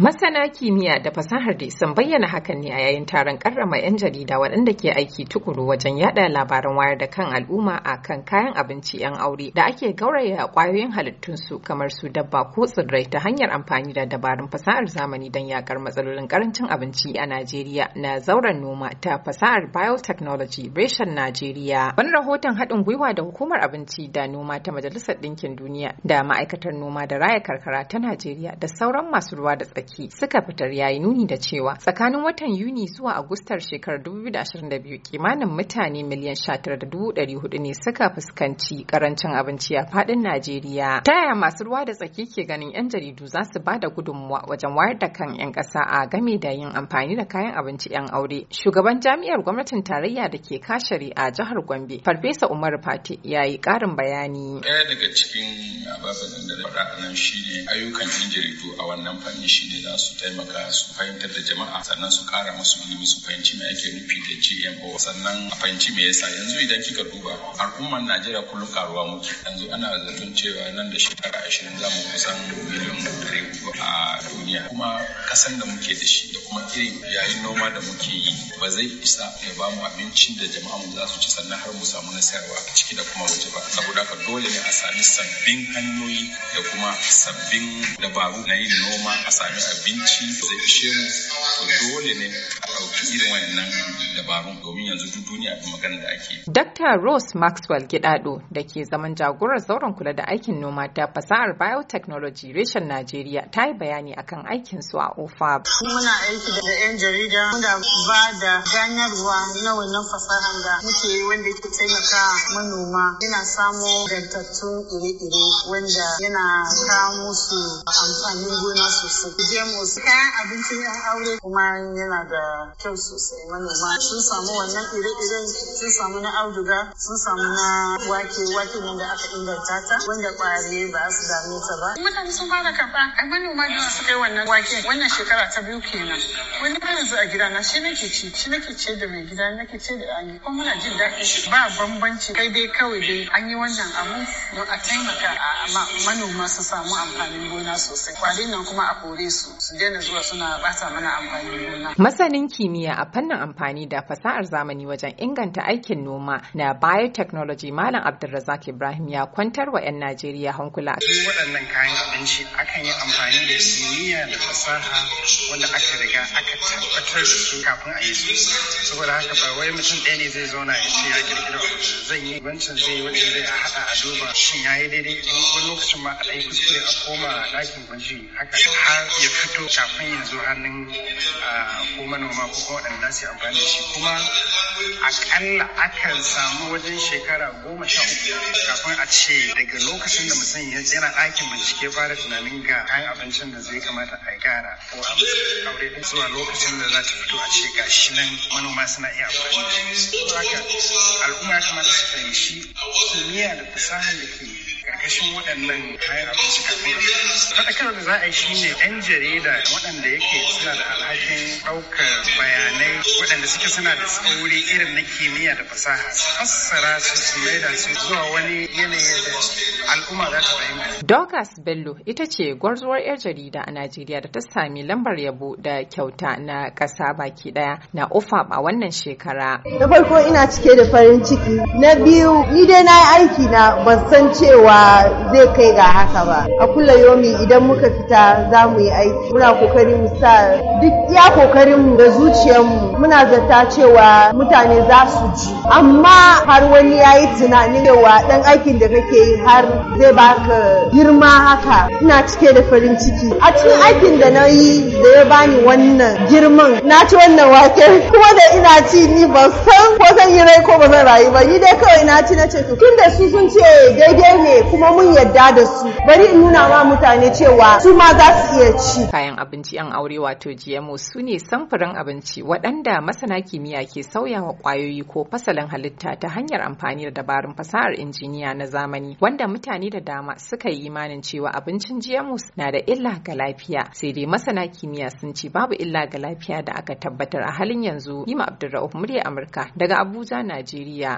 Masana kimiyya da fasahar da sun bayyana hakan ne a yayin taron karrama 'yan jarida waɗanda ke aiki tukuru wajen yada labaran wayar da kan al'umma a kan kayan abinci 'yan aure da ake gauraya ƙwayoyin halittunsu kamar su dabba ko tsirrai ta hanyar amfani da dabarun fasahar zamani don yakar matsalolin karancin abinci a Najeriya na zauren noma ta fasahar biotechnology reshen Najeriya. Wani rahoton haɗin gwiwa da hukumar abinci da noma ta Majalisar Ɗinkin Duniya da ma'aikatar noma da raya karkara ta Najeriya da sauran masu ruwa da tsaki tsaki suka fitar yayi nuni da cewa tsakanin watan Yuni zuwa Agustar shekarar 2022 kimanin mutane miliyan 19,400 ne suka fuskanci karancin abinci a fadin Najeriya. Ta yaya masu ruwa da tsaki ke ganin 'yan jaridu za su da gudunmuwa wajen wayar da kan 'yan ƙasa a game da yin amfani da kayan abinci 'yan aure. Shugaban jami'ar gwamnatin tarayya da ke kashari a jihar Gombe, Farfesa Umar Fati ya yi ƙarin bayani. Ɗaya daga cikin ababen da faɗa nan shine ayyukan 'yan jaridu a wannan fanni shine ne za su taimaka su fahimtar da jama'a sannan su kara musu ilimi su fahimci me ake nufi da GMO sannan a fahimci me yasa yanzu idan kika duba al'ummar Najeriya kullum karuwa muke yanzu ana zaton cewa nan da shekara ashirin za mu kusan miliyan uku a duniya kuma kasan da muke da shi da kuma irin yayin noma da muke yi ba zai isa ya ba mu abincin da jama'a mu za su ci sannan har mu samu nasarwa a ciki da kuma waje ba saboda haka dole ne a sami sabbin hanyoyi da kuma sabbin dabaru na yin noma a sami abinci zai ishe mu dole ne da Dr. Rose Maxwell Gidado da ke zaman jagorar zauren kula da aikin noma da fasahar biotechnology reshen Najeriya ta yi bayani akan aikin su a OFAB. Muna aiki da 'yan jarida muna ba da ganyarwa na wannan fasahar da muke yi wanda ke taimaka manoma yana samo dantattun ire-ire wanda yana kawo musu amfanin gona sosai. Jamus kayan abincin 'yan aure kuma yana da kyau sosai manoma sun samu wannan ire-iren sun samu na auduga sun samu na wake wake nan da aka inganta ta wanda ƙwari ba su dame ta ba. Mutane sun fara karɓa ai manoma da su kai wannan wake wannan shekara ta biyu kenan wani ba yanzu a gida na? shi nake ci shi nake ce da mai gida nake ce da ani kuma muna jin daɗin ba bambanci kai dai kawai dai an yi wannan abu don a taimaka a manoma su samu amfanin gona sosai kwari nan kuma a kore su su daina zuwa suna bata mana amfanin gona. Masanin kimiyya a fannin amfani da fasahar zamani wajen inganta aikin noma na biotechnology Malam Abdulrazak Ibrahim ya kwantar wa 'yan Najeriya hankula. Duk waɗannan kayan abinci akan yi amfani da kimiyya da fasaha wanda aka riga aka tabbatar da su kafin a yi su. Saboda haka ba wai mutum ɗaya ne zai zauna ya ce ya kirkira zan yi wancan zai wani zai haɗa a duba shin ya yi daidai wani lokacin ma a ɗaya kuskure a koma ɗakin gwaji haka har ya fito kafin ya zo hannun ah, ko manoma ko kuma waɗanda su amfani da shi kuma akalla akan samu wajen shekara goma sha uku kafin a ce daga lokacin da mutum ya yana ɗakin bincike fara tunanin ga kayan abincin da zai kamata a gara ko aure zuwa lokacin da za ta fito a ce ga shi nan manoma suna iya amfani da shi. al'umma ya kamata su fahimci kimiyya da fasahar da ke ƙarƙashin waɗannan kayan abinci da za a yi shine yan jarida waɗanda yake suna da alhakin ɗaukar bayanai waɗanda suke suna da tsauri irin na kimiyya da fasaha fassara su su da su zuwa wani yanayi da al'umma za ta fahimta. Dorcas Bello ita ce gwarzuwar 'yar jarida a Najeriya da ta sami lambar yabo da kyauta na ƙasa baki ɗaya na ofab a wannan shekara. Na farko ina cike da farin ciki. Na biyu ni dai na yi aiki na ban san cewa zai kai ga haka ba a kula yomi idan muka fita za mu yi aiki muna kokarin mu sa duk iya kokarin mu da zuciyarmu muna zata cewa mutane za su ji amma har wani ya yi tunanin cewa dan aikin da kake yi har zai baka girma haka ina cike da farin ciki a cikin aikin da na yi da ya bani wannan girman na ci wannan wake kuma da ina ci ni ba san ko zan yi rai ko ba zan rayu ba ni dai kawai na ci na ce tun da su sun ce daidai kuma mun yadda da su bari in nuna ma mutane cewa su ma za su iya ci kayan abinci yan aure wato GMO su ne samfurin abinci waɗanda masana kimiyya ke sauyawa ƙwayoyi ko fasalin halitta ta hanyar amfani da dabarun fasahar injiniya na zamani wanda mutane da dama suka yi imanin cewa abincin GMO na da illa ga lafiya sai dai masana kimiyya sun ce babu illa ga lafiya da aka tabbatar a halin yanzu Nima Abdulrahman murya Amurka daga Abuja Najeriya